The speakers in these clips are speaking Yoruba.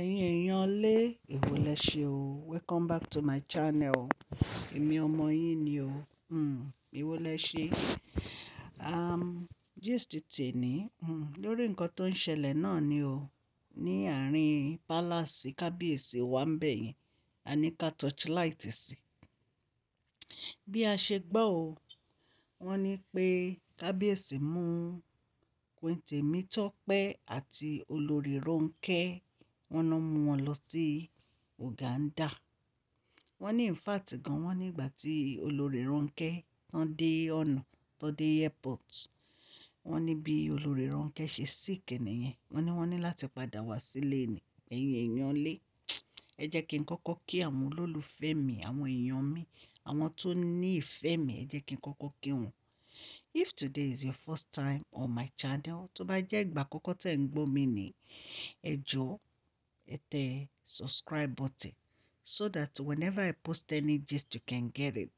Ẹ̀yin èèyàn lé èwo lẹ ṣe o. Welcome back to my channel. Èmi ọmọ yín ni o. Hmm, èwo lẹ ṣe? Um, gist tèní, hmm, lórí nǹkan tó ń ṣẹlẹ̀ náà ni o. Ní àárín palace kábíyèsí wa ń bẹ̀ yẹn, a ní ká torchlight sí. Bí a ṣe gbọ́ o, wọ́n ní pé kábíyèsí mú Queen Temitope àti olórí Ronke wọ́n náà mú wọn lọ sí Uganda wọ́n ní infact gan wọ́n nígbà tí olórí Ronke tán dé ọ̀nà tán dé airport wọ́n ní bí olórí Ronke ṣe sick nìyẹn wọ́n ní wọ́n ní láti padà wá sílé ni ẹ̀yin èèyàn lé ẹ jẹ́ kí n kọ́kọ́ kí àwọn olólùfẹ́ mi àwọn èèyàn mi àwọn tó ní ìfẹ́ mi ẹ jẹ́ kí n kọ́kọ́ kí wọn. if today is your first time on my channel tó bá jẹ́ ìgbà àkọ́kọ́ tẹ̀ ń gbọ́ mi ni ẹ jọ̀ọ́ hit the subscribe button so that whenever I post any gist, you can get it.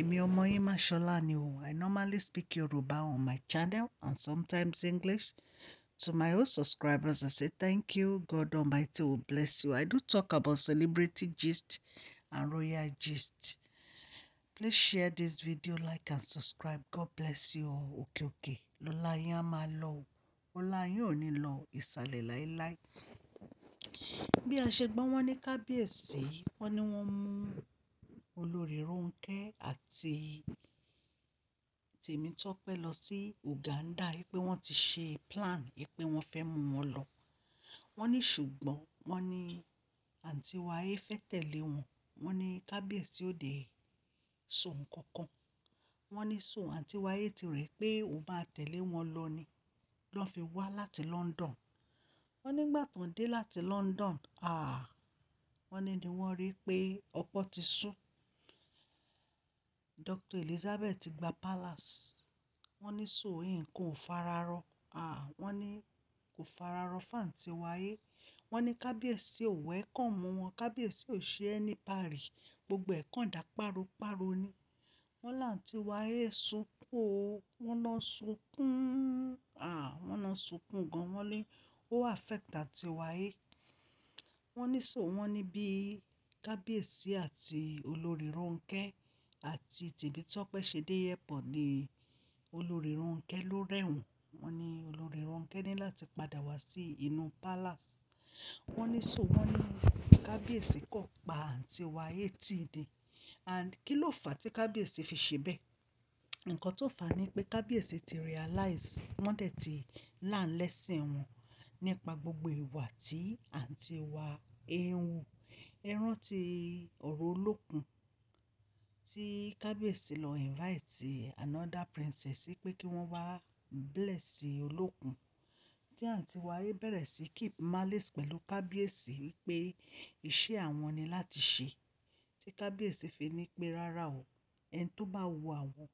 Èmi ọmọ yín Máṣọlá ni o. I normally speak Yoruba on my channel and sometimes English. To my old subscribers, I say thank you. God Almighty will bless you. I do talk about celebrity gist and royal gist. Please share this video, like and subscribe. God bless you. Okay, okay. Lọ́lá yín á máa lọ o. Ọlá yín ò bí a ṣe gbọ́ wọ́n ní kábíyèsí wọ́n ní wọ́n mú olórí Rónkẹ́ àti Tèmítọ́pẹ́ lọ sí Uganda pé wọ́n ti ṣe plan pé wọ́n fẹ́ mú wọn lọ wọ́n ní ṣùgbọ́n wọ́n ní àǹtí wa ayé fẹ́ tẹ̀lé wọn wọ́n ní kábíyèsí òde sọ nǹkan kan wọ́n ní so àǹtí wa ayé ti rẹ̀ pé òun máa tẹ̀lé wọn lọ ni lọ́n fi wá láti London wọ́n nígbà tán dé láti London ah, wọ́n ní ni wọ́n rí pé ọ̀pọ̀ ti sún Dr Elizabeth ti gba palace wọ́n ní sòwé nǹkan ò fararọ ah, wọ́n ní kò fararọ fáǹtí wáyé wọ́n ní kábíyèsí ò wẹ́kọ̀mù wọn kábíyèsí ò ṣe é ní Paris. gbogbo ẹ̀ kàn dá páropáro ni wọ́n láǹtí wáyé sunkún o wọ́n lọ sunkún ah, wọ́n lọ sunkún gan wọ́n lé ó affect àti wáyé. Wọ́n ní so wọ́n ní bí Kábíyèsí àti Olórí Ronkẹ́ àti Tèmítọ́pẹ́ ṣe dé airport ni Olórí Ronkẹ́ ló rẹ̀wọ̀n. Wọ́n ní Olórí Ronkẹ́ ní láti padà wá sí inú palace. Wọ́n ní so wọ́n ní Kábíyèsí kò pa àǹtí wáyé tì ni. And kí ló fà tí Kábíyèsí fi ṣe bẹ́ẹ̀? Ǹkan tó fà á ni pé Kábíyèsí ti realize wọ́n dẹ̀ ti learn wọn nípa gbogbo ìwà tí àǹtí wa ń wù. Ẹ rántí ọ̀rọ̀ Olókun tí Kábíyèsí lọ invite another princess pé kí wọ́n wá bless Olókun. Tí àǹtí wa yìí bẹ̀rẹ̀ sí keep malice pẹ̀lú Kábíyèsí wípé iṣẹ́ àwọn ni láti ṣe. Tí Kábíyèsí fi ní pé rárá o, ẹni tó bá wu àwọn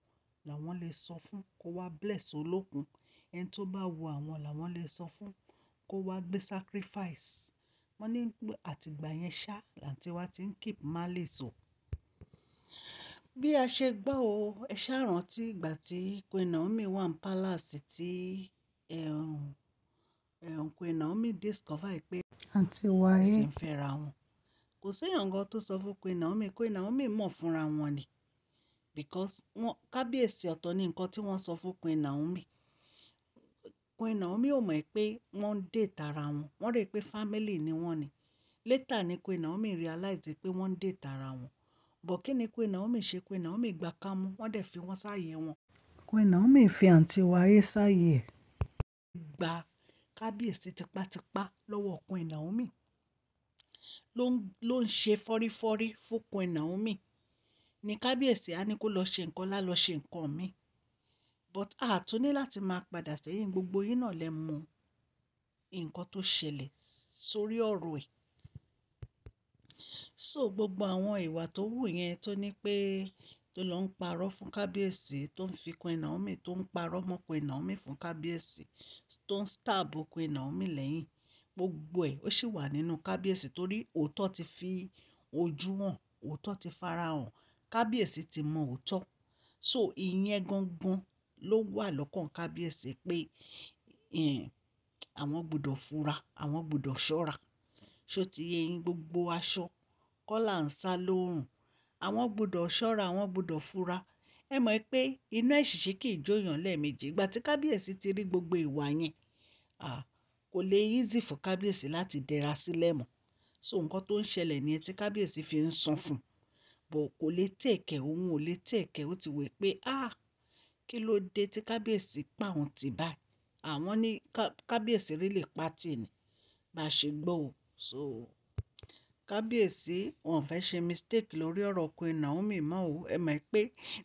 làwọn lè sọ fún kó wá bless Olókun, ẹni tó bá wu àwọn làwọn lè sọ fún kó wá gbé sacrifice. Wọ́n ní pé àtìgbà yẹn ṣá làǹtí wa ti ń keep malice o. Bí a ṣe gbọ́ o, ẹ ṣàrántí ìgbà tí Queen Naomi wà ní palace tí Queen Naomi discover pé àǹtí wa yìí sì ń fẹ́ra wọn. Kò séèyàn gan tó sọ fún Queen Naomi, Queen Naomi mọ̀ fúnra wọn ni because wọn kábíyèsí ọ̀tọ̀ ní nǹkan tí wọ́n sọ fún Queen Naomi ọ̀pọ̀ Naomi ò mọ̀ pé wọ́n ń date ara wọn wọ́n rè pé family ni wọ́n ni later ni Queen Naomi realize pé wọ́n ń date ara wọn bọ̀ kí ni Queen Naomi ṣe Queen Naomi gba kámú wọ́n dẹ̀ fi wọ́n sáàyè wọn. Queen Naomi fi àǹtí wa ayé sáàyè ẹ̀. gba kábíyèsí tipátipá lọ́wọ́ Queen Naomi ló ń ṣe fọ́rífọ́rí fún Queen Naomi ní kábíyèsí á ní kó lọ ṣe nǹkan lá lọ ṣe nǹkan míì but a tún ní láti máa padà sẹ́yìn gbogbo yín náà lẹ mọ̀ nǹkan tó ṣẹlẹ̀ sórí ọ̀rọ̀ ẹ̀ so gbogbo àwọn ìwà tó wù yẹn tó ní pé tó lọ ń parọ́ fún kábíyèsí tó ń fi Queen Naomi tó ń parọ́ mọ́ Queen Naomi fún kábíyèsí tó ń stáàbù Queen Naomi lẹ́yìn gbogbo ẹ̀ ó sì wà nínú kábíyèsí torí òótọ́ ti fi ojú hàn òótọ́ ti fara hàn kábíyèsí ti mọ òótọ́ so ìyẹn gangan ló wà lọ́kàn kábíyèsí pé àwọn gbọ́dọ̀ fura àwọn gbọ́dọ̀ ṣọ́ra ṣó ti yẹ yín gbogbo aṣọ kọ́là ń sá lóòrùn àwọn gbọ́dọ̀ ṣọ́ra àwọn gbọ́dọ̀ fura ẹ mọ̀ pé iná ẹ̀ṣìṣì kì í jóyàn lẹ́ẹ̀mejì ìgbà tí kábíyèsí ti rí gbogbo ìwà yẹn kò lè easy fún kábíyèsí láti dẹra sílẹ̀ mọ́ so nǹkan tó ń ṣẹlẹ̀ ni tí kábíyèsí fi ń san fún bọ̀ kò lè tẹ̀kẹ̀ òun ò lè tẹ̀kẹ̀ ó ti wẹ̀ pé ah kí ló dé tí kábíyèsí pa àwọn tì báyìí àwọn ní kábíyèsí rí lè pa tì ní bá a ṣe gbọ́ o so kábíyèsí wọn fẹ́ ṣe mistake lórí ọ̀rọ̀ Queen Naomi mọ́ o ẹ mọ̀ pé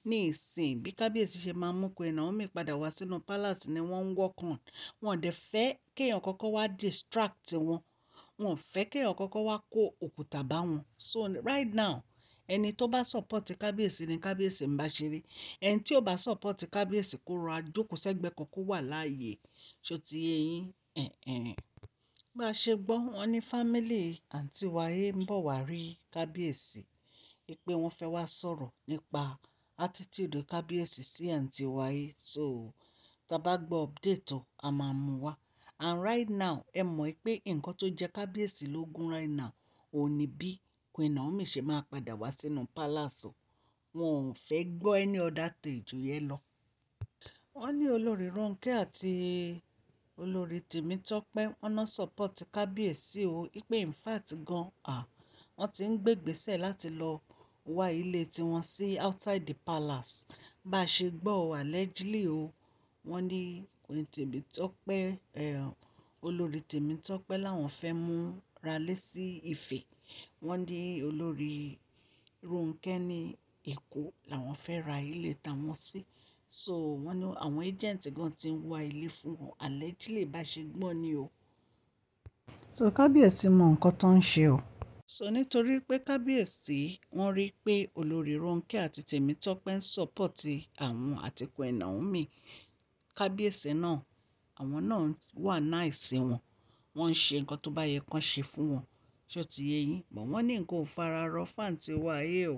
ní ìsìn bí kábíyèsí ṣe máa mú Queen Naomi padà wá sínú palace ni wọ́n ń work on wọn dẹ̀ fẹ́ kéèyàn kọ́kọ́ wá distract wọn wọn fẹ́ kéèyàn kọ́kọ́ wá kó òkúta bá wọn so right now ẹni tó bá sọ̀pọ̀tì kábíyèsí ni kábíyèsí ń bá ṣeré ẹni tí ò bá sọ̀pọ̀tì kábíyèsí kó rọ ajókòó sẹ́gbẹ́ kan kó wà láàyè ṣó ti yé yín bá a ṣe gbọ́ wọn ní fámílì àǹtí wáyé ń bọ̀ wá rí kábíyèsí pé wọ́n fẹ́ wá sọ̀rọ̀ nípa attitude kábíyèsí sí àǹtí wáyé so tàbá gbọ́ update o a máa mú wá and right now ẹ mọ̀ pé nǹkan tó jẹ kábíyèsí lógún right now òun bí Queen Naomi ṣe máa padà wá sínú palace wọn ò fẹ́ gbọ́ ẹni ọ̀dà tẹ ìjòyè lọ. wọ́n ní olórí Rónkẹ́ àti olórí Tèmítọ́pẹ́ wọn náà sọ́pọ́ọ̀tì kábíyèsí o ipe in fact gan ah, wọ́n ti ń gbégbèsè láti lọ wá ilé tiwọn sí outside the palace bá a ṣe gbọ́ allegedly o wọ́n ní Queen Tèmítọ́pẹ́ eh, olórí Tèmítọ́pẹ́ láwọn fẹ́ mú ralé sí Ifẹ̀ wọ́n ní olórí Rónkẹ́ ní Èkó làwọn fẹ́ ra ilé tàwọn sí so wọ́n ní àwọn agent gan ti ń wá ilé fún wọn allegedly bá ṣe gbọ́n ni o. so kábíyèsí mọ nǹkan tó ń ṣe o. so nítorí pé kábíyèsí wọ́n rí pé olórí Rónkẹ́ àti Tèmítọ́pẹ́ ń sọ́pọ̀tì àwọn àti Queen Naomi kábíyèsí náà àwọn náà wà náà sí wọn wọ́n ń ṣe nǹkan tó bá yẹ kán ṣe fún wọn ṣó ti yé yín bọ̀ wọ́n ní nǹkan ò fara rọ fáǹtì wa ayé o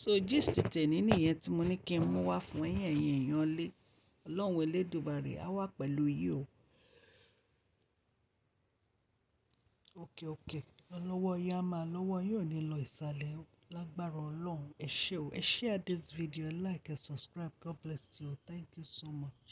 so gist tèmi nìyẹn tí mo ní kí n mú wá fún yín ẹ̀yin èèyàn lé ọlọ́run elédùnbarè á wà pẹ̀lú yìí o òkè òkè lọ́wọ́ yín á máa lọ́wọ́ yín ní lọ ìsàlẹ̀ lágbára ọlọ́run ẹ ṣé o ẹ share this video like and subscribe god bless you thank you so much.